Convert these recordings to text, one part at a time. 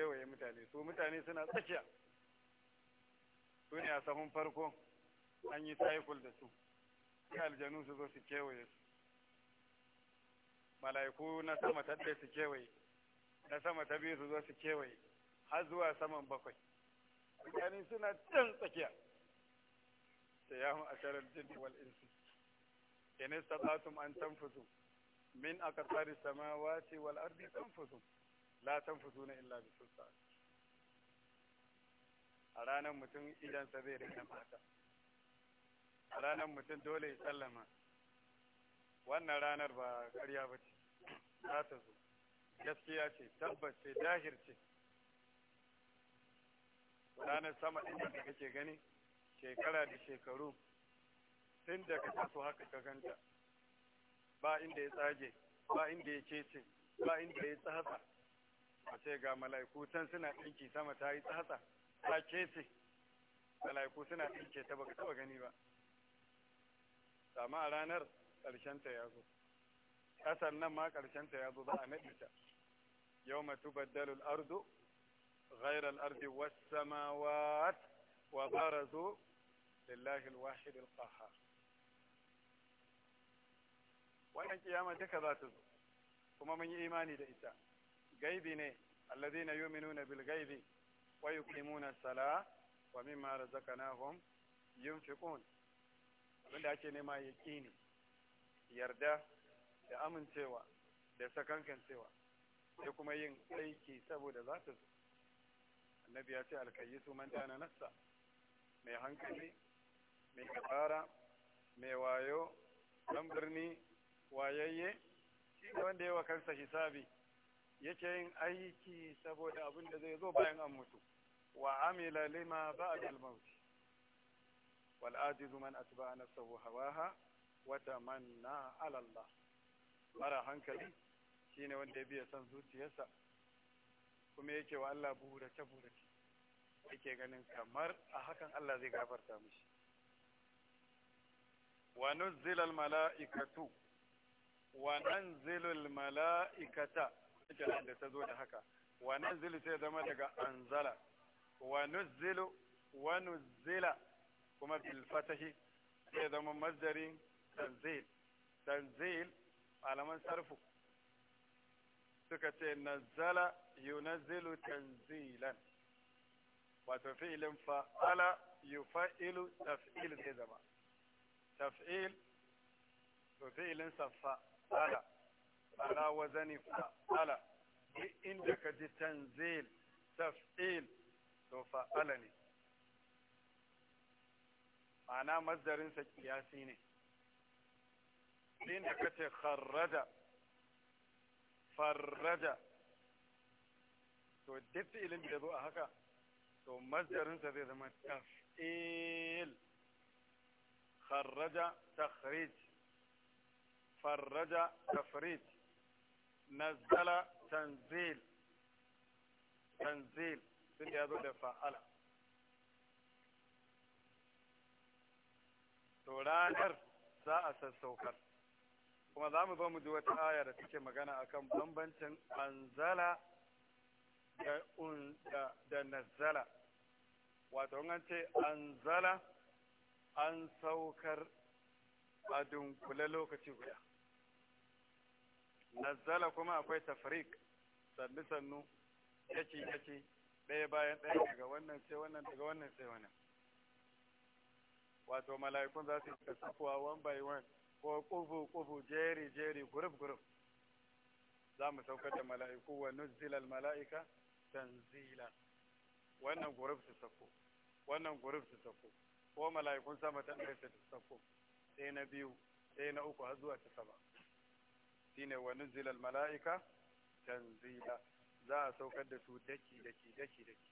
kewaye mutane su mutane suna tsakiya su ne a sahun farko an yi taiful da su sai aljanu su zo su kewaye su mala'iku na sama ta ɗaya su kewaye na sama ta biyu su zo su kewaye har zuwa saman bakwai mutane suna can tsakiya da ya hun asharar jini wal insi in istata'tum an tamfusu min aqtari samawati wal ardi tamfusu la tanfusuna illa bi sultan a ranar mutum sa zai rika mata a ranar mutum dole ya sallama wannan ranar ba ƙarya ba ce za ta zo gaskiya ce tabbas ce dahir ce ranar sama ɗin da kake gani shekara da shekaru tun da ka taso haka ka ganta ba inda ya tsage ba inda ya cece ba inda ya tsatsa a ce ga mala'iku can suna ɗinki sama ta yi tsatsa ta kece mala'iku suna ɗinke ta baka taba gani ba sama a ranar ta ya zo ƙasar nan ma ta ya zo za a naɗe ta yau matu baddalul ardu ghairar ardi wasu samawat wa zo lillahi alwahid alqahar wannan kiyama duka za ta zo kuma mun yi imani da ita gaibi ne na yu'minuna bil gaibi wa yuqimuna as sala wa mimma razaqnahum yunfiqun abinda ake nema yaqini yarda da amincewa da sakankancewa sai kuma yin aiki saboda za ta annabi ya ce alkayisu man dana nassa mai hankali mai kabara mai wayo dan birni wayayye shi wanda wa kansa hisabi yake yin aiki saboda abin da zai zo bayan an mutu wa amila lima ba'da al-maut wal ajizu man atba'a nafsahu hawaha wa tamanna ala Allah mara hankali shine wanda ya biya san zuciyarsa kuma yake wa Allah bura burace yake ganin kamar a hakan Allah zai gafarta mishi wa nuzzila al-mala'ikatu wa nanzilu al-mala'ikata kira da ta zo da haka wa nanzilu sai zama daga anzala wa nuzzilu wa nuzzila kuma bil fatahi sai zama masdarin tanzil tanzil alaman sarfu suka ce nazzala yunazzilu tanzilan wato fi'ilin fa'ala yufa'ilu taf'il sai zama taf'il to fi'ilin sa fa'ala على وزن فعل إيه عندك تنزيل تفعيل تفعلني معنى مصدر سياسيني عندك تخرج فرج تو دفت إلى جدو أهكا تو مصدر سيزم تفعيل خرج تخريج فرج تفريج nazzala tanzil tanzil tunda ya zo da fa'ala to ranar za a sassaukar kuma za mu zo mu ji wata aya da take magana akan bambancin anzala da un da nazzala wato an ce anzala an saukar a dunkule lokaci guda nazzala kuma akwai tafrik sannu sannu yaci yaci ɗaya bayan ɗaya daga wannan sai wannan daga wannan sai wannan wato mala'ikun za su ta sakuwa one by one ko kufu kufu jeri jeri guruf guruf za mu saukar da mala'iku wa nuzzilal mala'ika tanzila wannan guruf su sako wannan guruf su sako ko mala'ikun sama ta ɗaya su sako sai na biyu sai na uku har zuwa ta saba shine wa nuzilal mala'ika tanzila za a saukar da su daki daki daki daki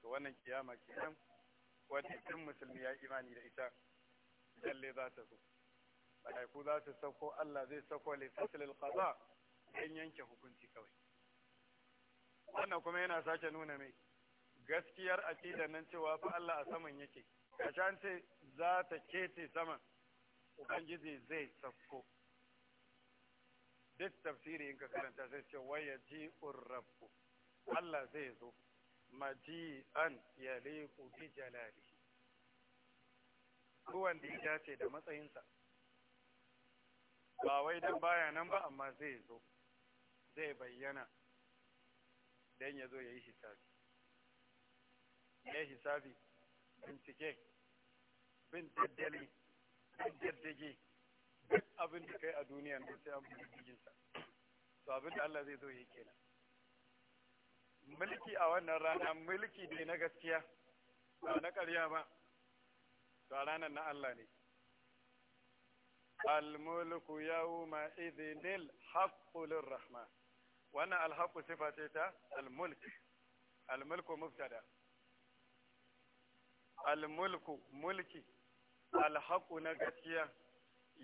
to wannan kiyama kenan wanda duk musulmi ya imani da ita lalle za ta zo malaiku za su sauko Allah zai sauko li faslil qada yanke hukunci kawai wannan kuma yana sake nuna mai gaskiyar aqidar nan cewa fa Allah a saman yake ce za ta kece saman ubangiji zai sauko duk tafsiri in ka karanta sai ce waya ji rabbu Allah zai zo an ya leku bi jalali ruwan da ya dace da matsayinsa ba wai dan baya nan ba amma zai zo zai bayyana dan ya zo ya yi hisabi ya yi hisabi bincike bin daddali daddage duk abin da kai a duniya da sai abin da fi sa to abin da Allah zai zo yi kenan mulki a wannan rana mulki ne na gaskiya ba na ƙarya ba to a ranar na Allah ne al-mulku yawma idhinil haqqu lirrahman wannan al-haqqu sifa ce ta al-mulk al-mulku mubtada al-mulku mulki alhaku na gaskiya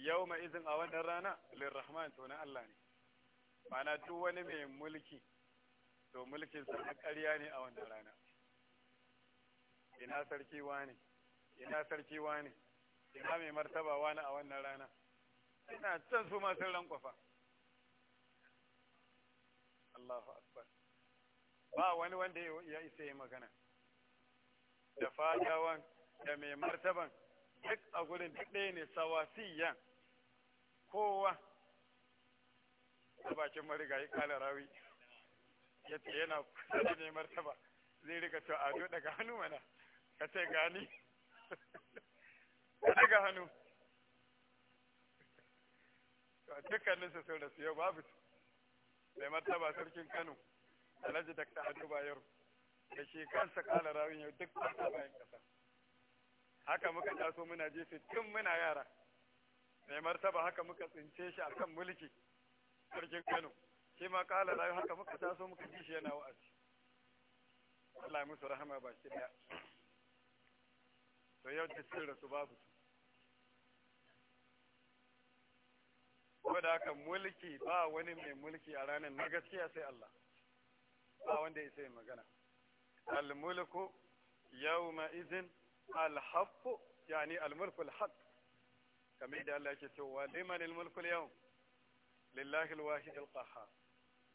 yau ma izin a wannan rana lirrahman to na Allah ne mana duk wani mai mulki to mulkin sa na ƙarya ne a wannan rana ina sarki wani ina sarki wani ina mai martaba wani a wannan rana ina can su masu rankwafa Allahu akbar ba wani wanda ya isa yi magana da fadawan da mai martaban duk a gurin duk ɗaya ne sawasiyan kowa da bakin marigayi kala rawi ya ce yana kusa da ne martaba zai rika to ado daga hannu mana ka ce gani ka daga hannu dukkanin su sun rasu yau babu mai martaba sarkin kano alhaji dakta ado bayero da shi kansa kala rawi yau duk martaba yin kasa haka muka taso muna jefe tun muna yara mai martaba haka muka tsince shi akan mulki sarkin Kano shi ma kala rayu haka muka taso muka ji shi yana wa'azi Allah ya musu rahama baki daya to yau da sun rasu babu da haka mulki ba wani mai mulki a ranar na gaskiya sai Allah ba wanda ya sai magana al-mulku yawma izin alhaqqu yani almulku alhaq kamar da Allah yake cewa liman almulku yau? lillahi alwahid alqahhar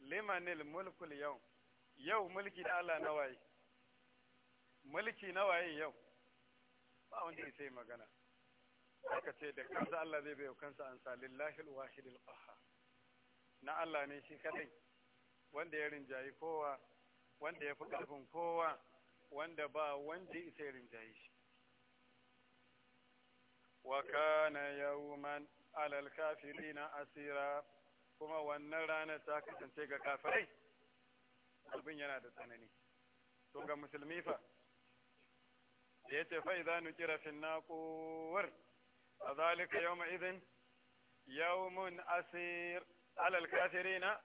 liman almulku alyawm yau mulki da Allah na waye mulki na waye yau ba wanda ya sai magana aka ce da kansa Allah zai bayo kansa an sa lillahi alwahid alqahhar na Allah ne shi kadai wanda ya rinjayi kowa wanda ya fi ƙarfin kowa wanda ba wanda isa ya rinjaye shi وكان يوما على الكافرين أسيرا kuma wannan ranar ta kasance ga kafirai abin yana da tsanani to ga musulmi fa ya ce fa'i za nu kira a zalika yau ma'izin yau mun alal kafiri na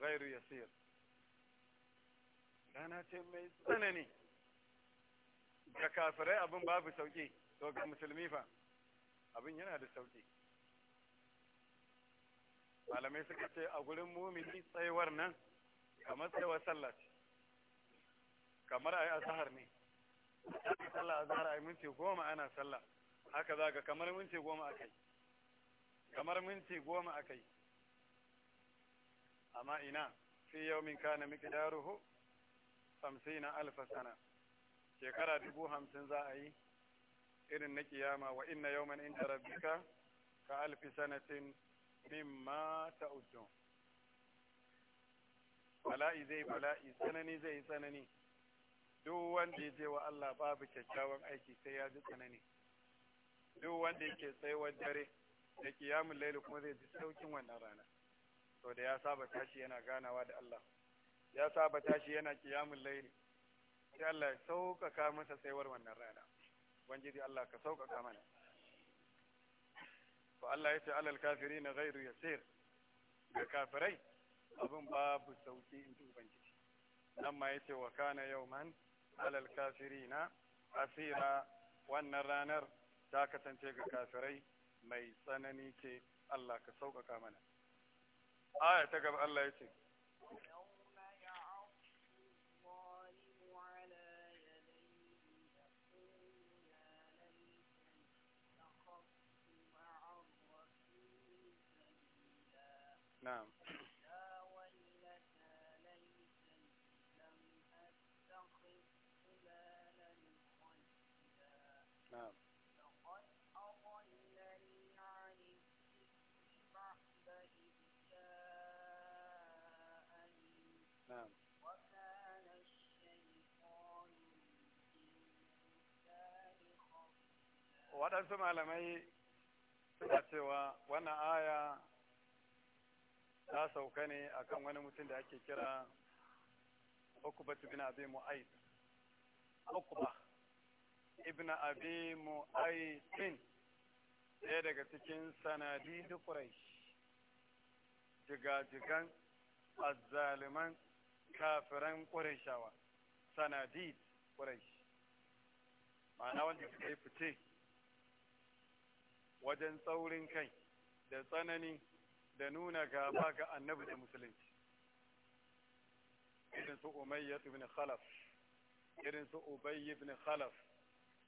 gairu yasir rana ce mai tsanani ga kafirai abin babu sauƙi to ga musulmi fa abin yana da sauki malamai suka ce a gurin mumini tsayuwar nan kamar tsayuwar sallah ce kamar a yi azahar ne ake sallah azahar a yi minti goma ana sallah haka za ka kamar minti goma a kai kamar minti goma a kai amma ina fi yau min kana miki daruhu hamsin na alfa sana shekara dubu hamsin za a yi irin na kiyama wa inna yawman inda rabbika ka alfi sanatin mimma uddun bala'i zai bala'i tsanani zai tsanani duk wanda ya je wa Allah babu kyakkyawan aiki sai ya ji tsanani duk wanda yake tsayuwar dare da kiyamun laili kuma zai ji saukin wannan rana to da ya saba tashi yana ganawa da Allah ya saba tashi yana kiyamun laili sai Allah ya sauƙaƙa masa tsayuwar wannan rana ubangiji Allah ka sauƙaƙa mana fa Allah ya ce alal kafiri na gairu yasir ga kafirai abin babu sauƙi in ji ubangiji nan ma ya ce wa kana yauman alal kafiri na asira wannan ranar ta kasance ga kafirai mai tsanani ce Allah ka sauƙaƙa mana aya ta gaba Allah ya ce نعم نعم نعم وكان الشيطان waɗansu malamai suna cewa wannan aya ta sauka ne a kan wani mutum da ake kira Ukuba ibn Abi Mu'ayyid Ukuba ibn Abi Mu'ayyid ɗaya daga cikin sanadi da Quraysh jigajigan azzaliman kafiran ƙurashawa sanadi Quraysh ma'ana wanda suka yi fice wajen tsaurin kai da tsanani da nuna gaba ga annabi da musulunci irin su umayyad ibn khalaf irin su ubay ibn khalaf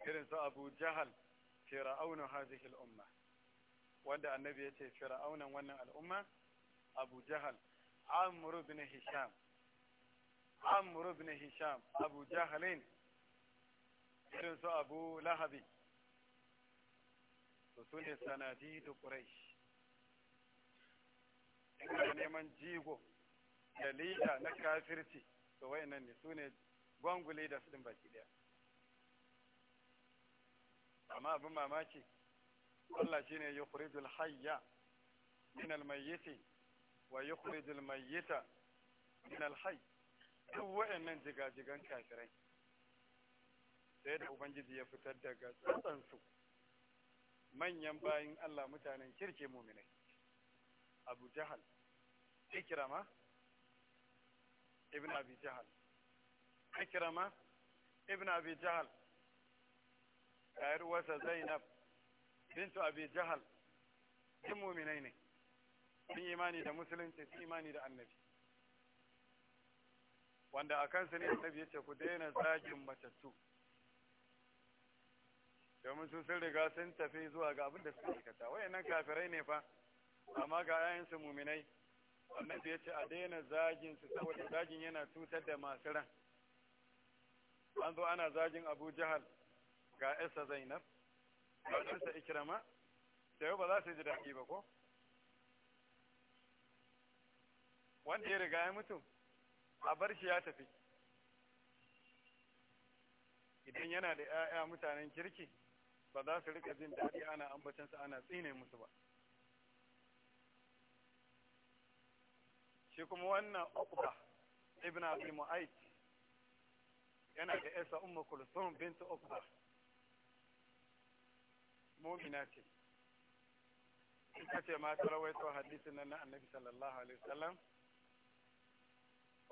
irin su abu jahal fir'aunu hadhihi al-umma wanda annabi yace fir'aunan wannan al'umma abu jahal amr ibn hisham amr ibn hisham abu jahalin irin su abu lahabi to sune da quraish in neman jigo da lida na kafirci to wayannan ne su ne gwangule da su din baki daya amma abin mamaki Allah shine yukhrijul hayya min almayyiti wa yukhrijul mayyita min alhayy duk wayannan jigajigan kafirai sai da ubangiji ya fitar daga tsantsansu manyan bayin Allah mutanen kirke muminai abu jahal ikrama ibn abi jahal ikrama ibn abi jahal yayar wasa zainab bintu abi jahal sun muminai ne sun imani da musulunci sun imani da annabi wanda a kansu ne annabi ya ce ku daina zagin matattu domin sun sun riga sun tafi zuwa ga abin da suka aikata wayannan kafirai ne fa amma ga yayansu muminai annabi ya ce a daina zagin su saboda zagin yana cutar da masu ran an zo ana zagin abu jahal ga isa zainab ga isa ikirama da yau ba za su ji daɗi ba ko wanda ya riga ya mutu a bar shi ya tafi idan yana da 'ya'ya mutanen kirki ba za su rika jin daɗi ana ambatansa ana tsine musu ba shi kuma wannan ukba ibn abi mu'ayt yana da isa ummu kulsum bint ukba mu'mina ce ita ce ma ta rawaito hadisin nan na annabi sallallahu alaihi wasallam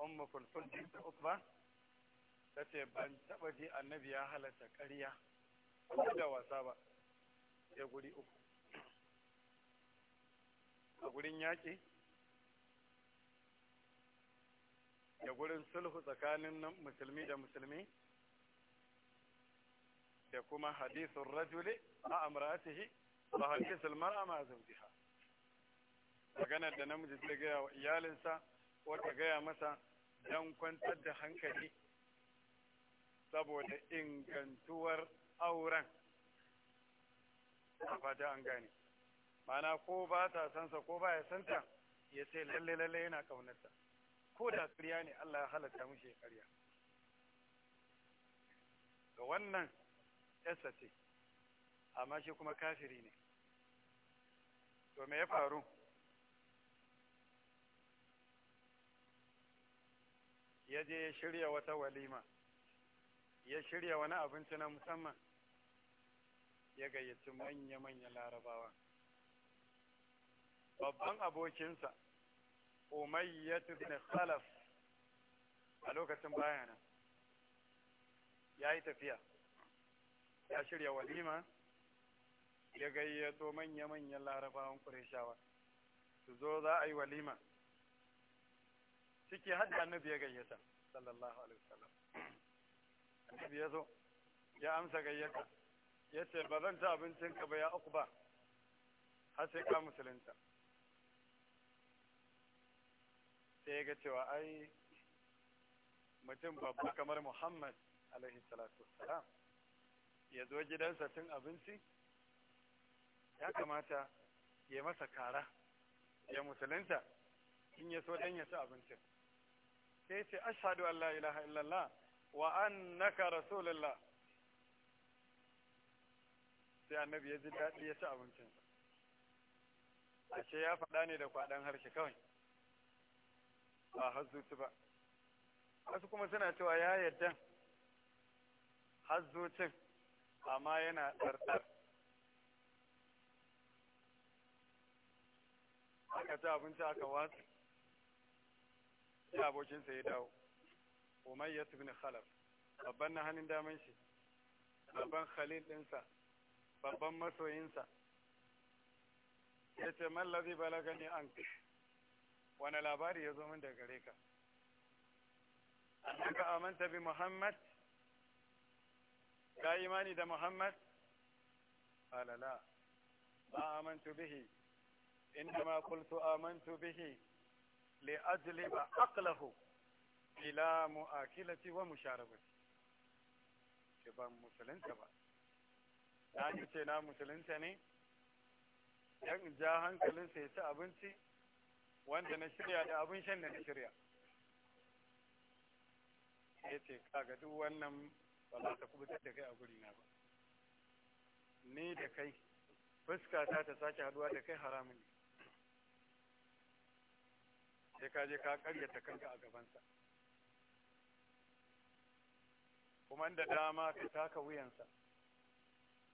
ummu kulsum bint ukba ta ce ban taba ji annabi ya halatta ƙarya ko da wasa ba ya guri uku a gurin yaƙi da gurin sulhu tsakanin musulmi da musulmi da kuma hadisun rajuli a amuratihi ba hankisul a ma zaujiha maganar da namiji ta gaya wa iyalinsa wata gaya masa don kwantar da hankali saboda ingantuwar auren a fata an gane mana ko ba ta sansa ko ba ya santa ya ce lalle lalle yana kaunarsa ko da ƙarya ne Allah ya halatta mushi ƙarya ga wannan ƙasa ce amma shi kuma kafiri ne to me ya faru ya je ya shirya wata walima ya shirya wani abinci na musamman ya gayyaci manya-manya larabawa babban abokinsa umayyat ibn khalaf a lokacin bayana ya yi tafiya ya shirya walima ya gayyato manya-manyan larabawan kureshawa su zo za a yi walima ciki hadda annabi ya gayyata sallallahu alaihi wasallam annabi ya zo ya amsa gayyata ya ce ba zan ci abincin ka ba ya uku ba har sai ka musulunta sai ya ga cewa ai mutum babba kamar muhammad alaihi salatu wassalam ya zo gidansa tun abinci ya kamata ya masa kara ya musulunta in ya so dan ya ci abincin sai ce ashhadu an la ilaha illallah wa annaka rasulullah sai annabi ya ji daɗi ya ci abincin ashe ya faɗa ne da kwaɗan harshe kawai ba har zuci ba wasu kuma suna cewa ya yadda har zucin amma yana tsartsar aka ci abinci aka wasu ya abokinsa ya dawo Umar ya tuni khalaf babban na hannun daman shi babban khalil ɗinsa babban masoyinsa ya ce balaga ne an wani labari ya zo min daga gare ka ka amanta bi muhammad ka imani da muhammad qala ba amantu bihi ma amantu bihi, li ajli ba به ila mu'akilati wa musharabati ومشاربتي ba musulunta ba na ce na musulunta ne yan ja hankalinsa ya ci abinci wanda na shirya da abin shan da na shirya ya ce kaga duk wannan ba za ta kubutar da kai a gurina ba ni da kai fuska ta ta sake haduwa da kai haramun ne sai ka je ka karyata kanka a gabansa kuma da dama ka taka wuyansa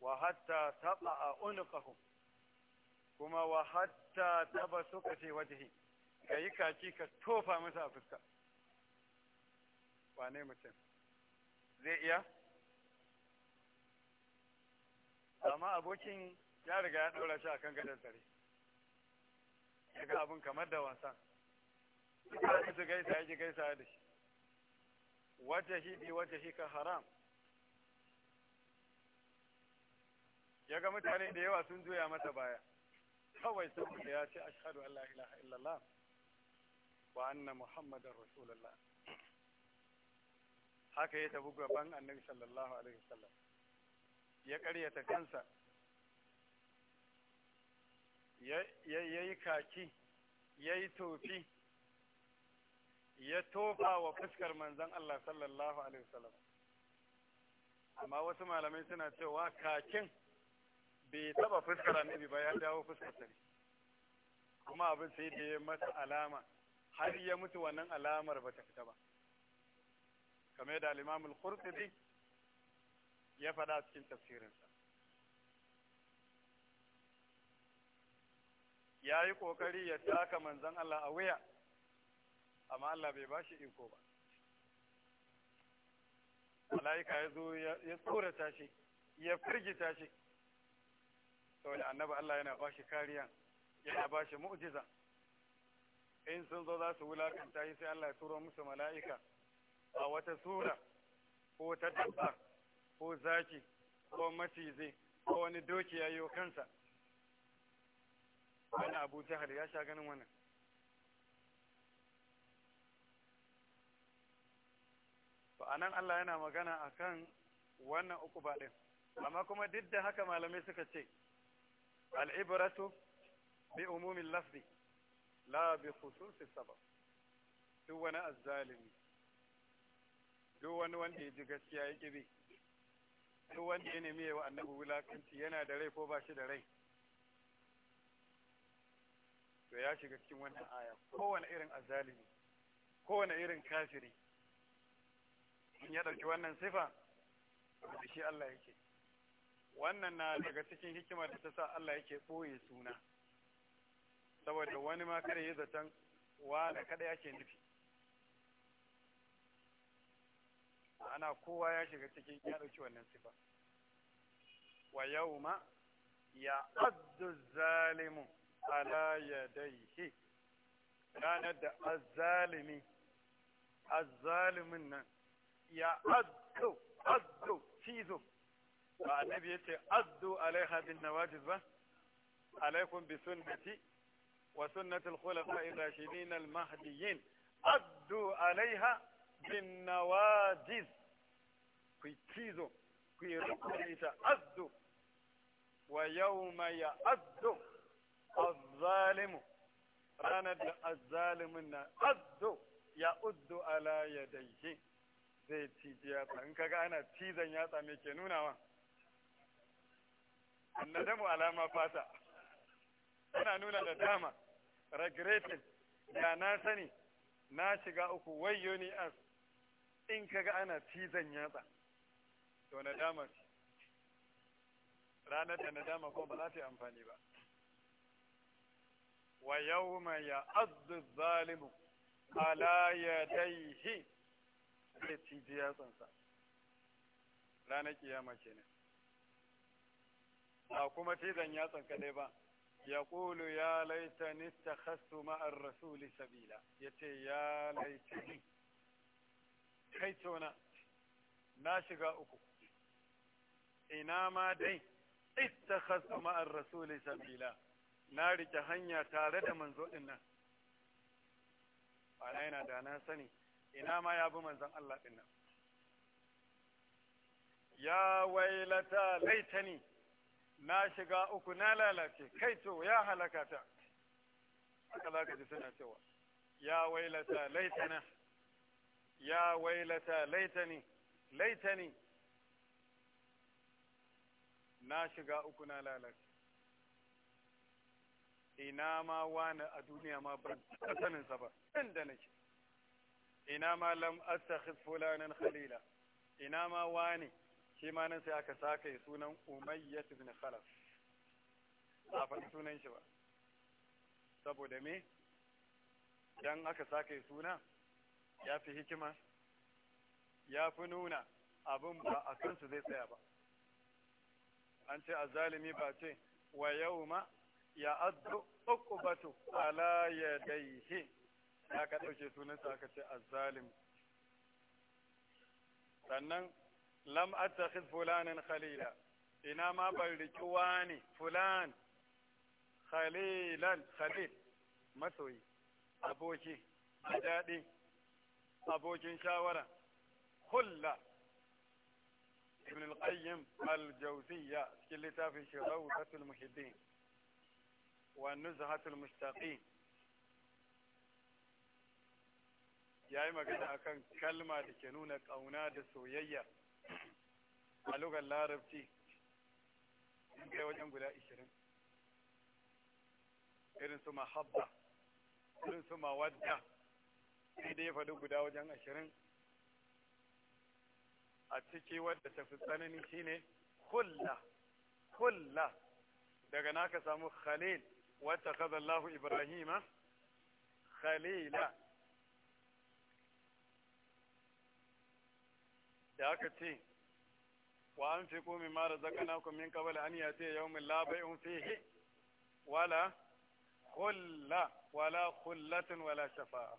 wa hatta taba a unuqahum kuma wa hatta taba suka ce wajihi ka yi kaci ka tofa masa a fuska wane mutum zai iya amma abokin ya riga ya ɗora shi a kan gadon tare ya ga abin kamar da wasa suka su gaisa ya ji gaisa da shi wata shi bi wata shi ka haram ya ga mutane da yawa sun juya masa baya kawai saboda ya ce ashadu Allah ilaha illallah wa anna muhammadar rasulullah haka ya tafi gaban annabi sallallahu alaihi wasallam ya karyata kansa ya yi kaki ya yi tofi ya tofa wa fuskar manzan Allah sallallahu alaihi wasallam amma wasu malamai suna cewa kakin bai taba fuskar annabi ba ya dawo fuskar ne kuma abin sai da ya masa alama har ya mutu wannan alamar ba ta fita ba kamar da al-Imam al ya faɗa cikin tafsirinsa ya yi ƙoƙari ya taka manzan Allah a wuya amma Allah bai bashi shi iko ba mala'ika ya zo ya tsorata shi ya firgita shi saboda annaba Allah yana bashi kariya yana bashi shi mu'jiza in sun zo za su wulakanta shi sai Allah ya turo musu mala'ika a wata sura ko ta dabba ko zaki ko macizai ko wani doki ya yi kansa wani abu jihar ya sha ganin wannan to a Allah yana magana akan kan wannan uku ba din amma kuma duk da haka malamai suka ce al'ibratu bi umumin lafzi la bi khususi sabab duk wani azzalimi duk wani wanda ya ji gaskiya ya kibi duk wanda ya nemi yawa annabi wulakanci yana da rai ko ba shi da rai to ya shiga cikin wannan aya kowane irin azzalimi kowane irin kafiri in ya ɗauki wannan sifa da shi Allah yake wannan na daga cikin hikimar da ta sa Allah yake ɓoye suna saboda wani ma kada ya zaton wane kada yake nufi ana kowa ya shiga cikin ya ɗauki wannan sifa wa yau ma ya addu zalimu ala ya yadaihi ranar da azalimi azalimin nan ya addu addu cizo ba annabi ya ce addu alaiha bin nawajiz ba alaikun bi sunnati وسنة الخلفاء الراشدين المهديين أدوا عليها بالنواجز في تيزو في رقبة أدوا ويوم يأدوا الظالم راند الظالم أدوا يأد على يديه zai ciji yatsa in kaga ana cizon yatsa mai ke nunawa annadamu alama fata yana nuna da dama regretting da na sani na shiga uku wayyo ni as in kaga ana cizon yatsa to na ce ranar da na dama ko ba za ta yi amfani ba wa yawma ya azzu zalimu ala yadayhi da ciji yatsansa ranar kiyama kenan ba kuma cizon yatsan kadai ba يقول يا ليتني اتخذت مع الرسول سبيلا يتي يا ليتني كيتونا ناشقا أكو إنما دي اتخذت مع الرسول سبيلا ناري جهنيا تارد منزو إنا علينا دانا سني إنما يابو منزن الله إنا يا ويلتا ليتني na shiga uku na lalace kai to ya halaka ta haka za ka ji suna cewa ya wailata laitana ya wailata laitani laitani na shiga uku na lalace ina ma wani a duniya ma ban saninsa ba inda nake ina ma lam attakhid fulanan khalila ina ma wani shi ma nan sai aka saka ya sunan umayyat ibn khalaf A faɗi sunan shi ba saboda me dan aka saka ya suna ya fi hikima ya fi nuna abin ba a kansu zai tsaya ba an ce a zalimi ba ce wa yau ma ya addu uku batu ala ya daihe ya ka ɗauke sunansa aka ce a zalimi. sannan لم أتخذ فلان خليلا إنما بلدكواني فلان خليلا خليل مسوي أبوكي أجادي أبوكي شاورا خلا ابن القيم الجوزية سكلتا في شروطة المحبين والنزهة المشتاقين يا إما كلمة لكنونك أو نادس وييّا a lugar larabci sun kai wajen guda ishirin irin su mahabba irin su mawadda sai dai ya faɗi guda wajen ashirin a ciki wadda ta fi tsanani ne kulla kulla daga naka samu khalil wata kaza Allahu Ibrahima khalila da aka ce wa an fi komi mara zakana ku min kabala an ya ce yau min labai un he wala kulla wala kullatin wala shafa'a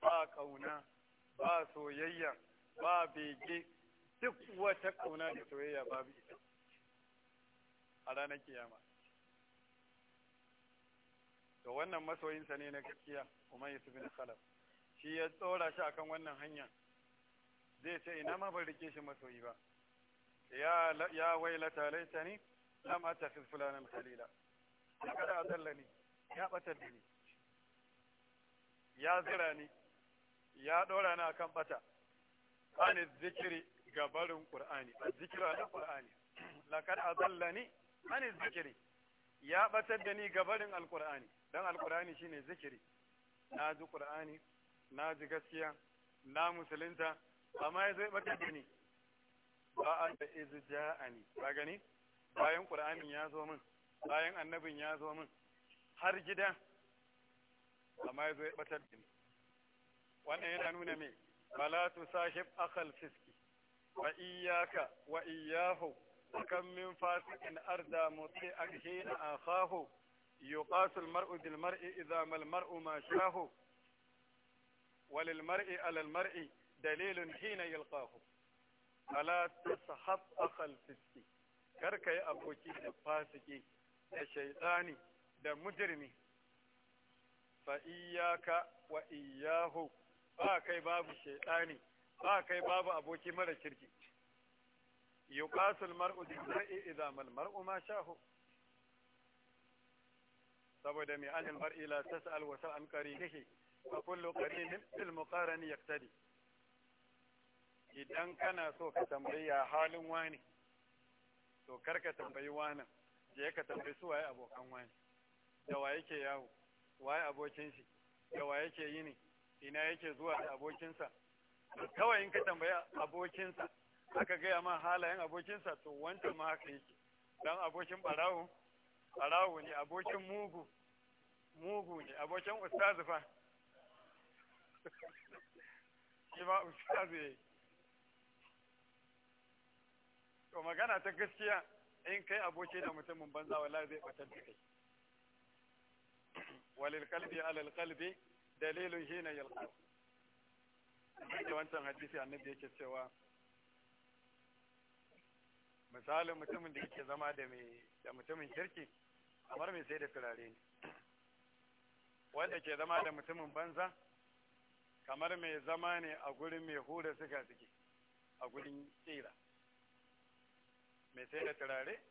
ba kauna ba soyayya ba bege duk wata kauna da soyayya ba ita a ranar kiyama to wannan masoyinsa ne na gaskiya kuma yusuf bin khalaf shi ya tsora shi akan wannan hanya zai ce ina ma ban rike shi masoyi ba ya ya wailata laitani lam attakhid fulanan khalila kada ne ya batar da ni ya zira ni ya dora ni akan bata ani zikiri gabarin a zikira da a laqad ne ani zikiri ya batar da ni gabarin don alkur'ani shi ne zikiri na ji kur'ani na ji gaskiya na musulunta amma ya zai bata da ba a da izja'ani ba gani bayan ƙura'anin ya zo min bayan annabin ya zo min har gida amma ya zai bata da wannan yana nuna mai balatu sahib akal fiski wa iyaka wa iyyahu kan min fasikin arda a mutsi akhina akhahu يقاس mar'u بالمرء إذا ما المرء ما walil وللمرء alal المرء dalilun hina yalqahu ala tasahab akhal fiski karka yi aboki da fasiki da shaytani da mujrimi fa wa iyyahu ba kai babu shaytani ba kai babu aboki mara kirki yuqasul mar'u bi mar'i idza mal mar'u ma shahu saboda mai anil mar'i la tas'al wa sa'an qarinihi wa kullu qarinin bil muqarani yaqtadi idan kana so ka tambayi ya halin wani to kar ka tambayi wanan je ka tambayi su waye abokan wani da wa yake yawo waye abokin shi da wa yake yini ina yake zuwa da abokinsa kawai in ka tambayi abokinsa aka gaya ma halayen abokinsa to wancan ma haka yake dan abokin barawo barawo ne abokin mugu mugu ne abokin ustazu fa shi ma ustazu yake to magana ta gaskiya in kai aboki da mutumin banza wallahi zai batar da kai walil qalbi ala al qalbi dalilun hina yalqa da wancan hadisi annabi yake cewa misalin mutumin da yake zama da mai da mutumin kirki kamar mai sai da turare ne wanda ke zama da mutumin banza kamar mai zama ne a gurin mai hura suka suke a gurin tsira mai sai da turare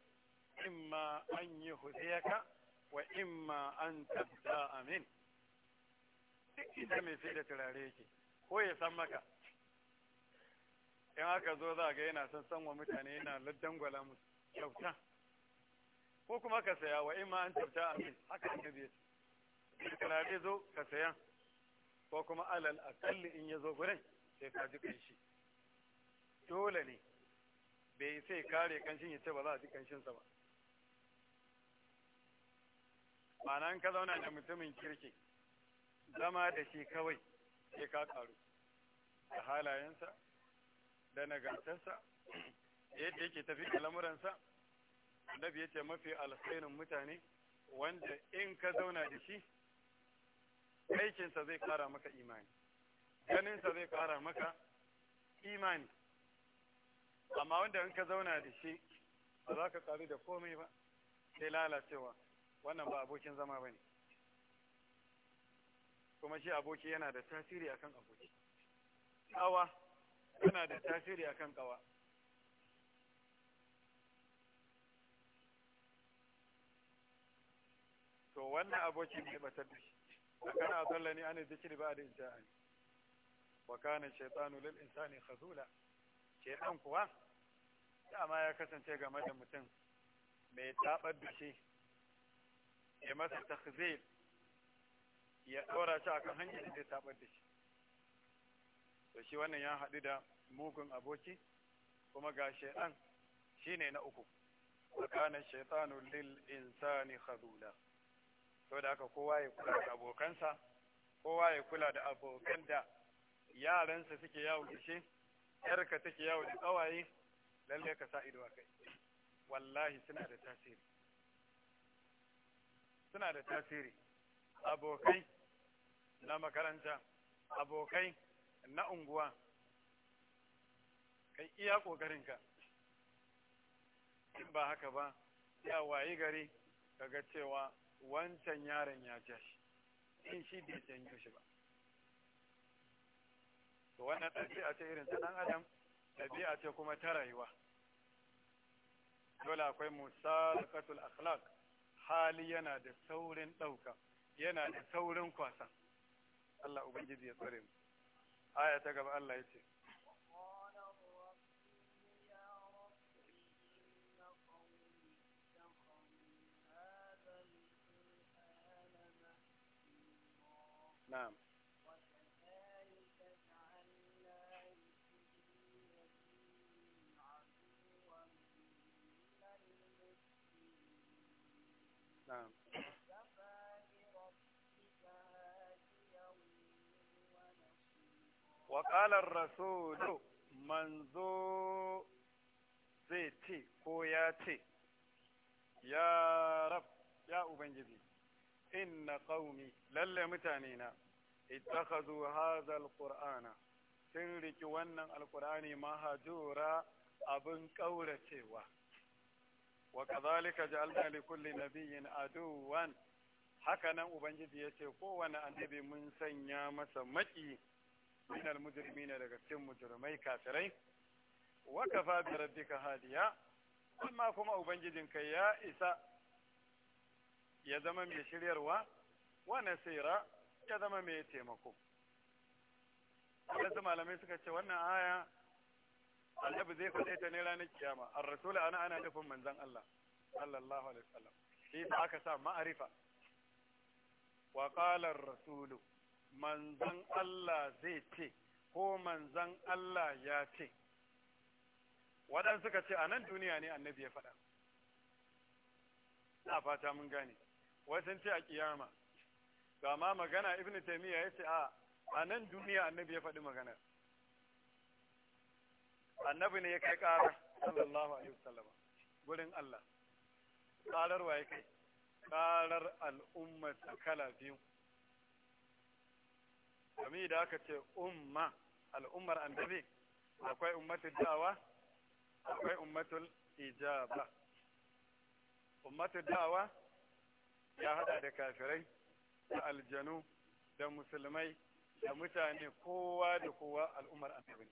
imma an yi ka wa imma an tabda amin duk inda mai sai da turare yake ko ya san maka in aka zo za ga yana son wa mutane yana laddangwala musu kyauta ko kuma ka saya wa imma an tabda amin haka annabi ya ce turare zo ka saya ko kuma alal akalli in ya zo gurin sai ka ji shi dole ne bai sai kare kanshin ya ce ba za a ji kanshinsa ba ma'ana ka zauna da mutumin kirki zama da shi kawai sai ka karu da halayensa da nagartarsa yadda yake tafi da lamuransa annabi ya ce mafi alkhairin mutane wanda in ka zauna da shi aikinsa zai kara maka imani ganinsa zai kara maka imani amma wanda in ka zauna da shi ba za ka tsari da komai ba sai lalacewa wannan ba abokin zama ba ne kuma shi aboki yana da tasiri akan aboki kawa yana da tasiri akan kawa to wannan aboki mai batar da shi akan zalla ne ana zikir ba da ne wa kana shaytanu lil insani khazula shaytan kuwa dama ya kasance game da mutum mai taɓar da ya masa takzir ya ɗora shi akan hanyar da zai taɓar da shi to shi wannan ya haɗu da mugun aboki kuma ga shaidan ne na uku tsakanin shaitanu lil insani khadula to da haka kowa ya kula da abokansa kowa ya kula da abokan da yaransa suke yawo da shi yarka take yawo da tsawaye lalle ka sa ido a kai wallahi suna da tasiri suna da tasiri abokai na makaranta abokai na unguwa kai iya ƙoƙarinka in ba haka ba ya wayi gari kaga cewa wancan yaron ya ja shi in shi bai janyo shi ba to wannan a ce irin ta ɗan adam ɗabi'a ce kuma ta rayuwa dole akwai musalkatul akhlaq hali yana da saurin ɗauka yana da saurin kwasa Allah ubangiji ya tsare mu aya ta gaba Allah ya Na'am wa ƙalar rasulu manzo zai ce ko ya ce ya rab ya ubangiji inna qaumi lalle mutane na ittakhadhu hadha alqur'ana sun riki wannan alqur'ani mahajura abin kauracewa wa kadhalika ja'alna li kulli nabiyyin aduwan haka ubangiji ya ce kowane annabi mun sanya masa maki min almujrimina daga cikin mujrimai kafirai wa kafa bi rabbika hadiya amma kuma kai ya isa ya zama mai shiryarwa wa nasira ya zama mai taimako wasu malamai suka ce wannan aya annabi zai faɗe ta ne ranar kiyama ar-rasul ana ana nufin manzon Allah sallallahu alaihi wasallam shi yasa aka sa ma'arifa wa qala ar-rasul manzon Allah zai ce ko manzon Allah ya ce waɗansu suka ce a nan duniya ne annabi ya faɗa na fata mun gane sun ce a kiyama ga ma magana ibnu taymiya yace ce a a nan duniya annabi ya faɗi magana annabi ne ya kai ƙara sallallahu alaihi wasallam gurin Allah ƙarar wa kai ƙarar al'umma kala biyu kami da aka ce umma al'ummar annabi akwai ummatul da'awa akwai ummatul ijaba ummatul da'awa ya hada da kafirai da aljanu da musulmai da mutane kowa da kowa al'ummar annabi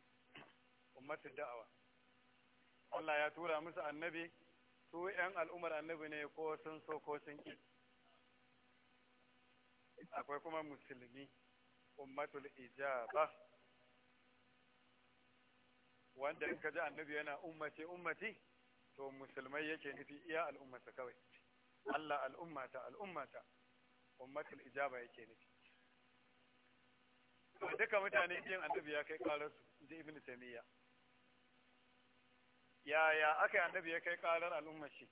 ummatu da'awa Allah ya tura musu annabi su ‘yan al'ummar annabi ne ko sun so ko sun ki akwai kuma musulmi ummatul ijaba wanda in kaji annabi yana ummati ummati to musulmai yake nufi iya al'ummata kawai Allah al'ummata al'ummata ummatul ijaba yake nufi duka mutane jin annabi ya kai kararsu da ibn taymiya yaya aka yi annabi ya kai karar al'umma shi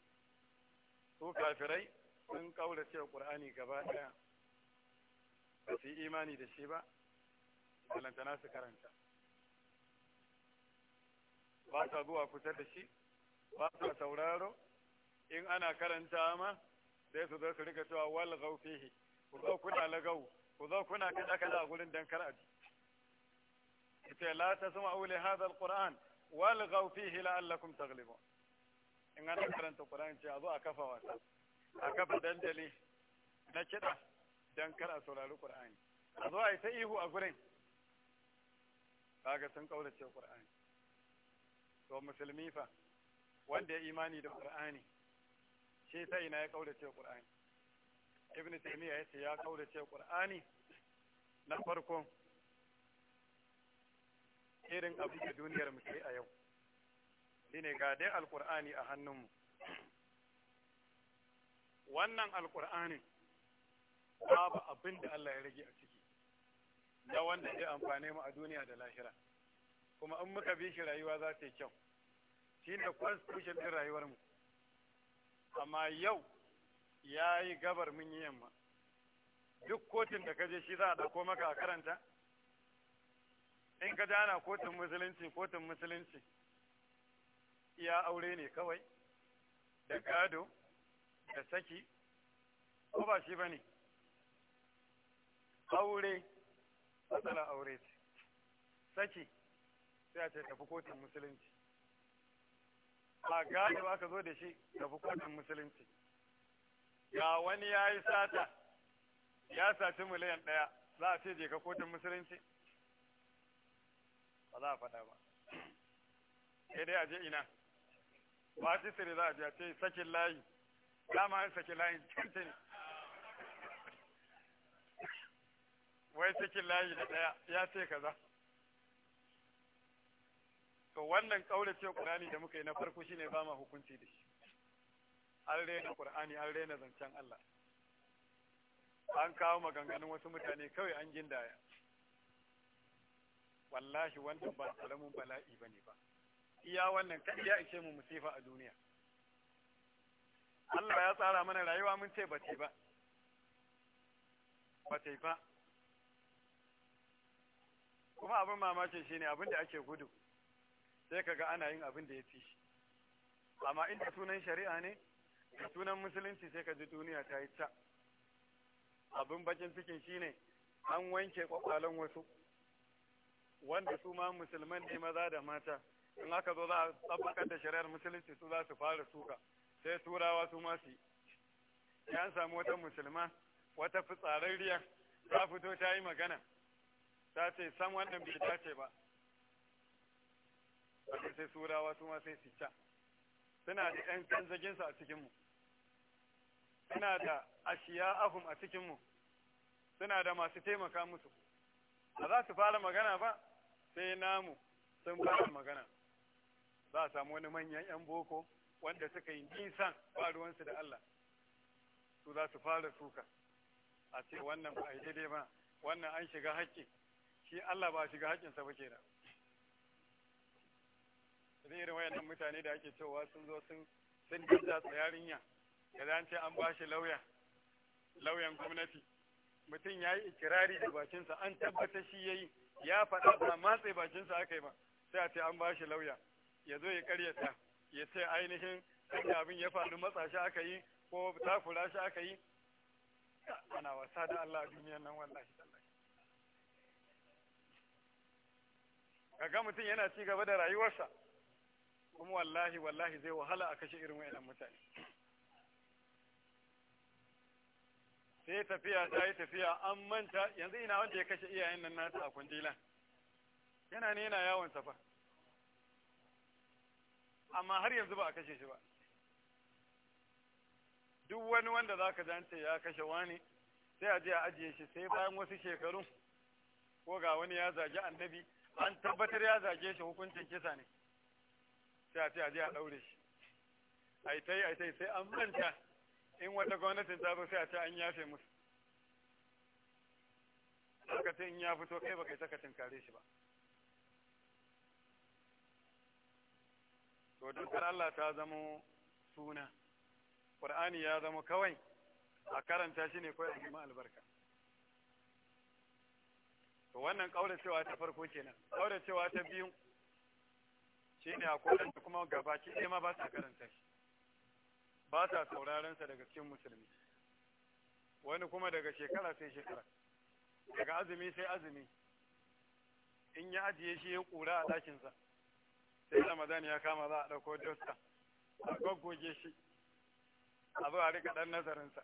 su kafirai sun kaura cewa ƙur'ani gaba ɗaya ba su yi imani da shi ba balantana su karanta ba sa zuwa kusa da shi ba sa sauraro in ana karanta ma sai su zo su rika cewa wal gaufihi ku zo kuna lagau ku zo kuna kada kada a gurin dankar aji. a ji ita la suma aule hadal qur'an walghaw fihi la'allakum taghlibun in ana karanta Qur'ani ce a zo a kafa wasa a kafa dandali na kiɗa dan kar a saurari Qur'ani a zo a yi ta ihu a gurin kaga sun kaurace Qur'ani to musulmi fa wanda ya imani da Qur'ani shi ta ina ya kaurace Qur'ani ibn taymiya ya ce ya kaurace Qur'ani na farko irin abu da duniyar mu a yau shine ga dai alkur'ani a hannunmu wannan alkur'ani babu abin da Allah ya rage a ciki da wanda zai amfane mu a duniya da lahira kuma in muka bi shi rayuwa za ta yi kyau shi ne constitution ɗin rayuwarmu. mu amma yau ya yi gabar mun yi yamma duk kotun da ka je shi za a ɗauko maka a karanta in ka jana kotun musulunci kotun musulunci iya aure ne kawai da gado da saki ko ba shi ba ne aure matsala aure ce saki sai a ce tafi kotun musulunci a gado aka zo da shi tafi kotun musulunci ga wani ya yi sata ya saci miliyan ɗaya za a ce je ka kotun musulunci ba za a faɗa ba sai dai a je ina ba ci sirri za a je a ce sakin layi dama an sakin layi cikin wai sakin layi da ɗaya ya ce kaza to wannan ce Qur'ani da muka yi na farko shine ba ma hukunci da shi an rena Kur'ani an rena zancen Allah an kawo maganganun wasu mutane kawai an gindaya wallahi wannan ba karamin bala'i bane ba iya wannan kan iya ishe mu musifa a duniya Allah ya tsara mana rayuwa mun ce bace ba bace ba kuma abin mamaki shine abin da ake gudu sai kaga ana yin abin da ya fi shi amma inda sunan shari'a ne da sunan musulunci sai ka ji duniya ta yi ta abin bakin cikin shine an wanke kwakwalen wasu wanda su ma musulman ne maza da mata in aka zo za a tsabbakar da shari'ar musulunci su za su fara suka sai turawa su ma su ya samu wata musulma wata fitsararriya ta fito ta yi magana ta ce san wannan bai dace ba a sai turawa su ma sai su ca suna da ƴan kanzaginsu a cikinmu suna da ashiya ahum a cikinmu suna da masu taimaka musu ba za su fara magana ba sai namu sun fara magana za a samu wani manyan 'yan boko wanda suka yi nisan faruwansu da Allah su za su fara suka a ce wannan ba a yi daidai ba wannan an shiga haƙƙi shi Allah ba shiga haƙƙinsa ba ke zai irin wayannan mutane da ake cewa sun zo sun sun dinda yarinya da zan ce an bashi lauya lauyan gwamnati mutum ya yi ikirari da bakinsa an tabbata shi ya yi ya faɗa ba matse bakinsa aka yi ba sai a ce an bashi lauya ya zo ya karyata ya ce ainihin inda abin ya faru matsa shi aka yi ko takura shi aka yi ana wasa da Allah a duniyan nan wallahi kaga mutum yana ci gaba da rayuwarsa kuma wallahi wallahi zai wahala a kashe irin wayannan mutane sai tafiya ta yi tafiya an manta yanzu ina wanda ya kashe iyayen nan ta a kwandilan yana ne yana yawon safa amma har yanzu ba a kashe shi ba duk wani wanda za ka zance ya kashe wani sai a je a ajiye shi sai bayan wasu shekaru ko ga wani ya zage annabi an tabbatar ya zage shi hukuncin kisa ne sai a ce a je a daure shi a yi ta yi a yi ta yi sai an manta in wata gwamnatin ta zo sai a ce an yafe musu lokacin in ya fito kai baka saka tinkare shi ba to dukkan Allah ta zama suna Qur'ani ya zama kawai a karanta shi ne kawai a jima albarka to wannan kaura cewa ta farko kenan kaura cewa ta biyu shine a kodan kuma gabaki ɗaya ma ba sa karanta shi ba sa sauraron sa daga cikin musulmi wani kuma daga shekara sai shekara daga azumi sai azumi in ya ajiye shi ya kura a ɗakinsa sai ramadan ya kama za a ɗauko dosta a goggoge shi a zo a rika ɗan nazarinsa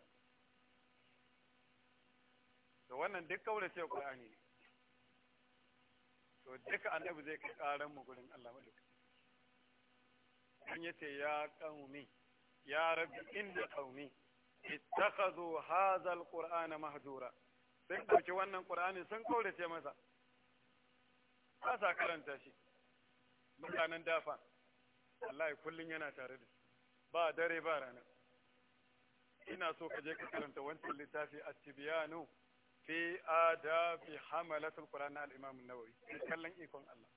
to wannan duk ce qur'ani ne to duka annabi zai kai karan mu gurin Allah madaka an yace ya qaumi ya rabbi inda qaumi ittakhadhu hadha alqur'ana mahdura sun dauki wannan qur'ani sun kaurace masa ba sa karanta shi mutanen dafa wallahi kullun yana tare da su ba dare ba rana ina so ka je ka karanta wancan littafi a tibyanu fi adabi hamalatul qur'an al-imam an-nawawi kallon ikon Allah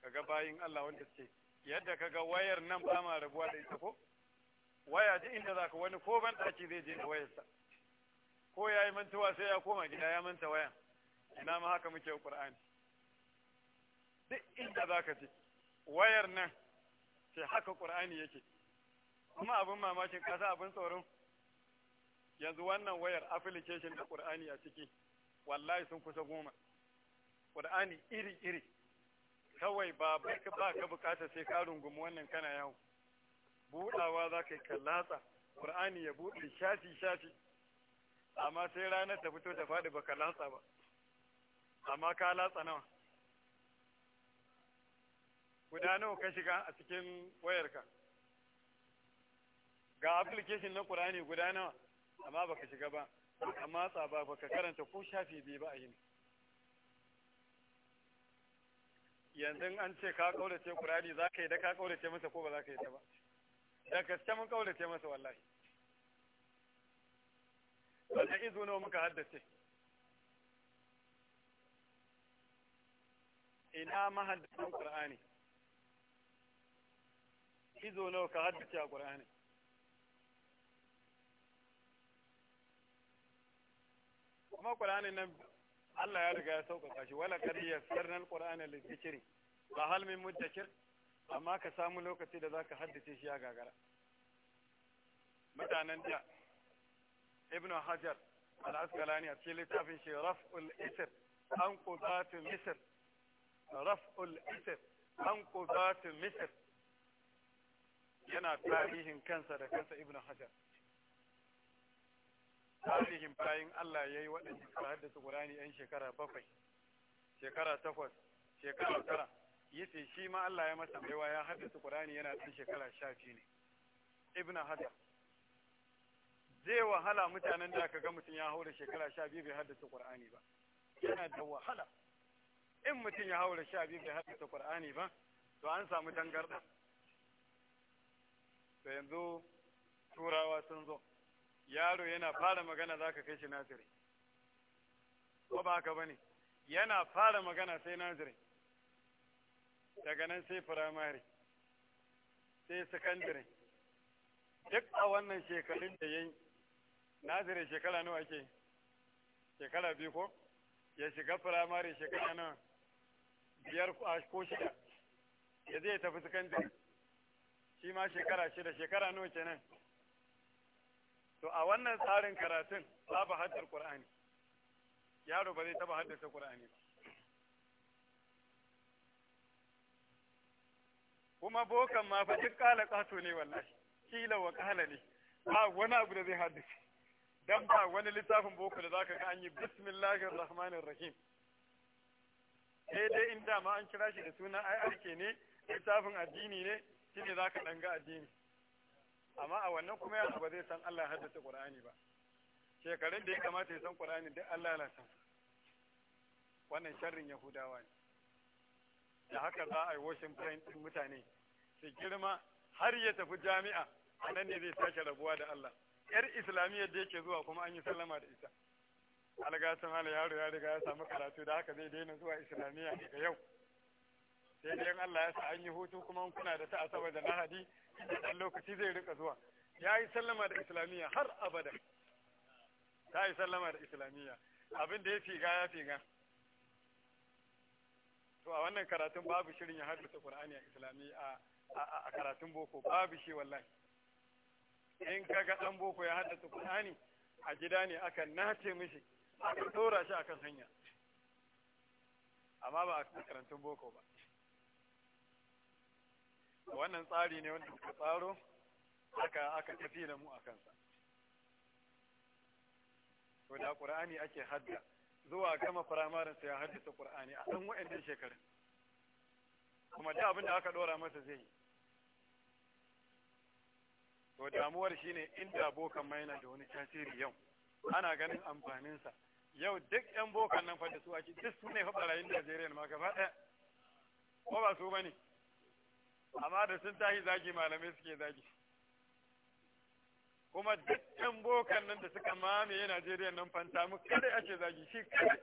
kaga bayin Allah wanda suke yadda kaga wayar nan ba ma rabuwa da ita ko waya ji inda za ka wani ko ban ɗaki zai je da wayarsa ko ya yi mantuwa sai ya koma gida ya manta waya. ina ma haka muke ƙur'ani duk inda za ka ji wayar nan sai haka ƙur'ani yake kuma abin mamakin kasa abin tsoron yanzu wannan wayar application da ƙur'ani a ciki wallahi sun kusa goma ƙur'ani iri-iri kawai ba ba ka bukata sai ka rungumi wannan kana yawo budawa za ka yi kallatsa qur'ani ya buɗe shafi shafi amma sai ranar ta fito ta faɗi ba ka latsa ba amma ka latsa nawa guda nawa ka shiga a cikin wayarka ga application na qur'ani guda nawa amma baka shiga ba Amma tsaba ba baka karanta ko shafi biyu ba a yi ne yanzu an ce ka kaurace Qur'ani za ka yi da ka kaurace masa ko ba za ka yi ta ba da gaske mun kaurace masa wallahi wannan izo ne muka haddace ina mahaddasan Qur'ani izo nawa ka haddace a Qur'ani kuma Qur'ani nan الله يا رجال سوقك شو ولا قد يسرنا القرآن اللي تشري فهل من مدشر أما كسامو لو كتير ذاك حد تشيا جاكرا متى ننجا ابن حجر العسقلاني أتشيل تافين شي رفع الإسر أنقذات مصر رفع الإسر أنقذات مصر ينا تاريخ كنسر كنسر ابن حجر tarihin bayan Allah ya yi waɗanda suka haddasa ƙur'ani yan shekara bakwai shekara takwas shekara tara yace shi ma Allah ya masa baiwa ya haddasa ƙur'ani yana ɗan shekara sha fi ne ibn Hajar zai wahala mutanen da aka ga mutum ya haura shekara sha biyu bai haddasa ƙurani ba yana da wahala in mutum ya haura sha biyu bai haddasa ƙurani ba to an samu tangarɗa to yanzu turawa sun zo yaro yana fara magana za ka kai shi naziri ko ba haka ba ne yana fara magana sai naziri daga nan sai firamare sai sakandare duk a wannan shekarun da ya yi naziri shekara nawa ke shekara biyu ko ya shiga firamare shekara nawa biyar ko ah, shida ya zai tafi sakandare shi ma shekara shida shekara nawa kenan to a wannan tsarin karatun babu haddar ƙur'ani yaro ba zai taba haddasa ƙur'ani ba kuma bokan ma fa duk kala kato ne wallahi kila wa kala ne ba wani abu da zai haddace dan ba wani littafin boko da zaka ga an yi bismillahir rahmanir rahim sai dai in ma an kira shi da suna ai ne littafin addini ne shine zaka danga addini amma a wannan kuma yaro ba zai san Allah haddace Qur'ani ba shekarun da ya kamata ya san Qur'ani duk Allah ya san wannan sharrin Yahudawa ne da haka za a yi washing brain din mutane su girma har ya tafi jami'a a nan ne zai sake rabuwa da Allah yar islamiyyar da yake zuwa kuma an yi sallama da ita alga sun hala yaro ya riga ya samu karatu da haka zai daina zuwa islamiyya daga yau sai dai Allah ya sa an yi hutu kuma kuna da ta asabar da lahadi dan lokaci zai rika zuwa ya yi sallama da islamiyya har abada ta yi sallama da islamiyya abin da ya figa ya figa to a wannan karatun babu shirin ya haddasa qur'ani a islamiyya a karatun boko babu shi wallahi in kaga dan boko ya haddasa qur'ani a gida ne aka nace mishi aka tsora shi akan hanya amma ba a karatun boko ba wannan tsari ne wanda suka tsaro aka aka tafi da mu a kansa to da qur'ani ake hadda zuwa gama firamarin sai ya haddasa qur'ani a dan wa'annan shekarun kuma da abin da aka dora masa zai yi to damuwar shine inda bokan mai yana da wani tasiri yau ana ganin amfaninsa yau duk yan bokan nan fa da su ake duk su ne fa barayin Najeriya ma gaba ɗaya ko ba su bane amma da sun tashi zagi malamai suke zagi kuma dukkan bokan nan da suka mamaye Najeriya nan fanta mu kada ake zagi shi kare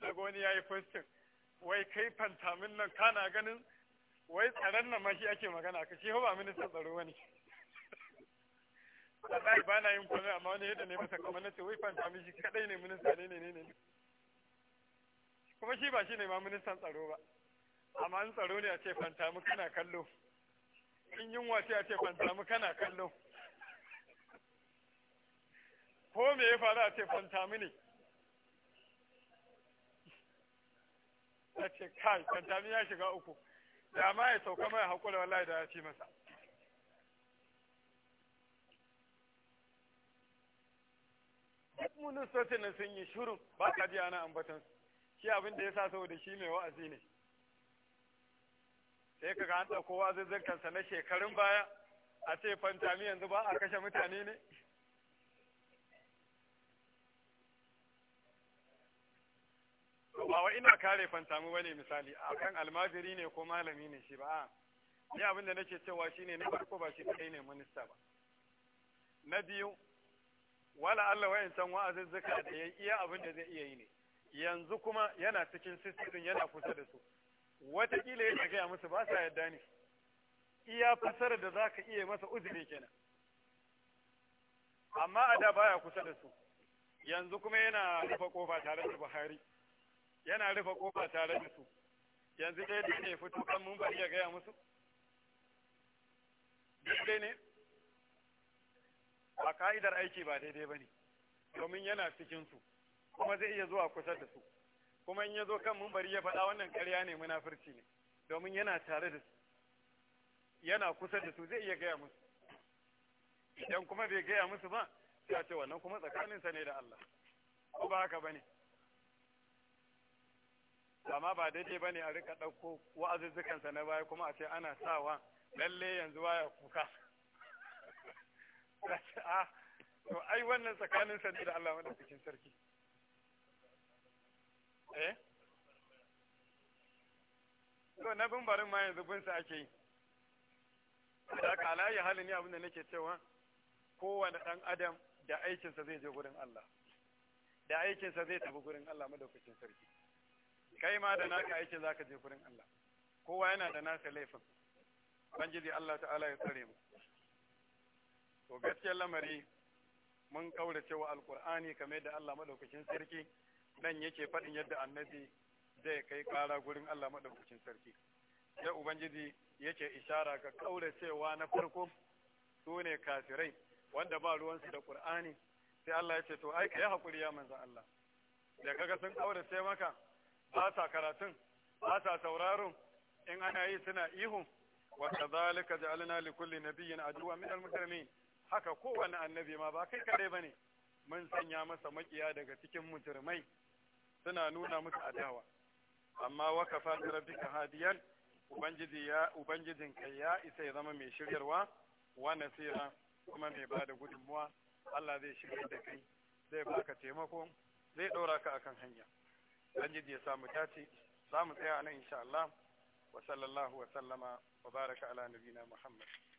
daga wani yayi fasting wai kai fanta min nan kana ganin wai tsaron nan ma shi ake magana ka shi ba ministan tsaro wani wallahi ba na yin kuma amma wani yadda ne masa kamar nace wai fanta min shi kadai ne ministan ne ne ne kuma shi ba shi ne ma ministan tsaro ba amma an tsaro ne a ce fanta mu kana kallo in yunwa ce a ce fanta mu kana kallo ko me ya faru a ce fanta mu ne a ce kai fanta mu ya shiga uku da ma ya sauka mai haƙura wallahi da ya ci masa duk ministocin sun yi shuru ba ka ji ana ambatansu shi abin da ya sa saboda shi mai wa'azi ne sai kaga an ɗauko wazuzzukansa na shekarun baya a ce fantami yanzu ba a kashe mutane ne ba ina kare fantami bane misali A kan almajiri ne ko malami ne shi ba a ni abin da nake cewa shine na farko ba shi kai ne minista ba na biyu wala Allah wayancan wa'azuzzuka da ya iya abin da zai iya yi ne yanzu kuma yana cikin sistirin yana kusa da su watakila ya gaya musu ba sa yadda ne iya fasara da za ka iya masa uzuri kenan amma a da baya kusa da su yanzu kuma yana rufe kofa tare da buhari yana rufe kofa tare da su yanzu ɗaya da ne fito kan mun bari ya gaya musu daidai ne a ka'idar aiki ba daidai ba ne domin yana cikinsu kuma zai iya zuwa kusa da su kuma in ya zo kan mumbari ya faɗa wannan ƙarya ne munafurci ne domin yana tare da su yana kusa da su zai iya gaya musu idan kuma bai gaya musu ba ya ce wannan kuma tsakaninsa ne da Allah ko ba haka bane amma ba daidai bane a rika ɗauko wa'azuzzukansa na baya kuma a ce ana sawa lalle yanzu waya kuka a ah, to ai wannan tsakaninsa ne da Allah cikin sarki eh to na barin ma yanzu bin sa ake yi da aka alayi ne abinda nake cewa kowane ɗan adam da aikinsa zai je gurin Allah da aikinsa zai tafi gurin Allah madaukakin sarki kai ma da naka aikin zaka je gurin Allah kowa yana da nasa laifin ubangiji Allah ta'ala ya tsare mu to gaskiyar lamari mun kaurace wa alqur'ani kamar yadda Allah madaukakin sarki nan yake faɗin yadda annabi zai kai ƙara gurin Allah maɗaukacin sarki sai ubangiji yake ishara ga cewa na farko su ne kafirai wanda ba ruwansu da ƙur'ani sai Allah ya ce to ai kai haƙuri, ya manzan Allah da kaga sun kaurace maka ba sa karatun ba sa sauraron in ana yi suna ihu wa kadhalika ja'alna li kulli nabiyyin aduwwan min al-mujrimin haka kowanne annabi ma ba kai ba ne. mun sanya masa makiya daga cikin mujrimai suna nuna musu adawa amma waka fata rabbika hadiyan ubangiji ya ubangijin kai ya isa ya zama mai shiryarwa wa nasira kuma mai bada da gudunmuwa Allah zai shirya da kai zai baka taimako zai ɗora ka akan hanya ubangiji ya samu dace za mu tsaya nan insha Allah wa sallallahu wa sallama wa baraka ala nabina Muhammad